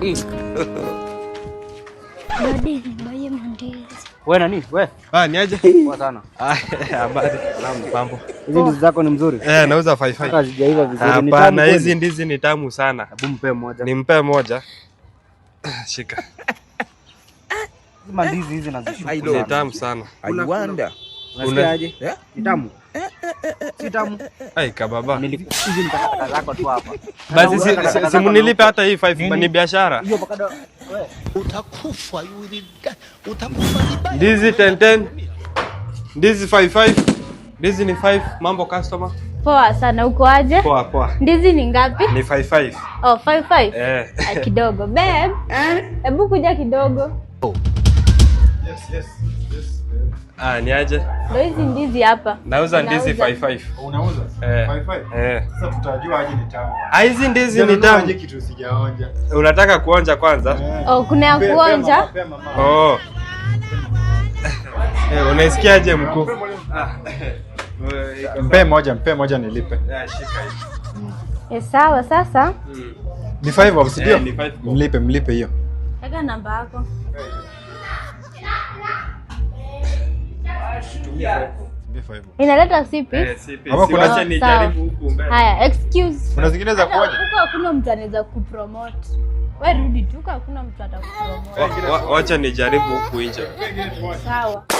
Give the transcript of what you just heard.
Hizi ndizi zako ni mzuri? Eh, nauza vizuri. Hapana, hizi ndizi ni tamu sana. Hebu mpe moja. Nimpe moja. Shika. Hizi ndizi hizi Ni tamu sana. I wonder. Unasikiaje? Kitamu. Eh? Kitamu. Eh, eh, Ai kababa. zako tu hapa. Basi simunilipe hata hii 5 ni biashara. Hiyo pakada wewe. Utakufa you will utakufa Ndizi 10 10. Ndizi 5 5. Ndizi ni 5 mambo customer. Poa sana uko aje? Poa poa. Ndizi ni ngapi? Ni 5 5. Oh 5 5. Eh. Ah, kidogo babe. Eh? Hebu kuja kidogo. Ah, ni aje? Ndio hizi ndizi hapa. Nauza ndizi 55. Unauza? Eh. 55? Eh. Sasa tutajua aje ni tamu. Ah, hizi ndizi ni tamu. Unaje kitu sijaonja. Unataka kuonja kwanza? Yeah. Oh, kuna ya kuonja? Oh. Eh, eh unaisikiaje mkuu? Ah. Mpe moja, mpe moja nilipe. Yeah, shika hiyo. Eh, sawa sasa. Hmm. Ni 5 au sio? Mlipe, mlipe hiyo. Kaga namba yako. Hey. Eh, inaleta sipi? Eh, Haya, excuse. Kuna zingine za kuoja. mtu anaweza kupromote. Wewe rudi tu, hakuna mtu atakupromote. nijaribu huku nje. Sawa.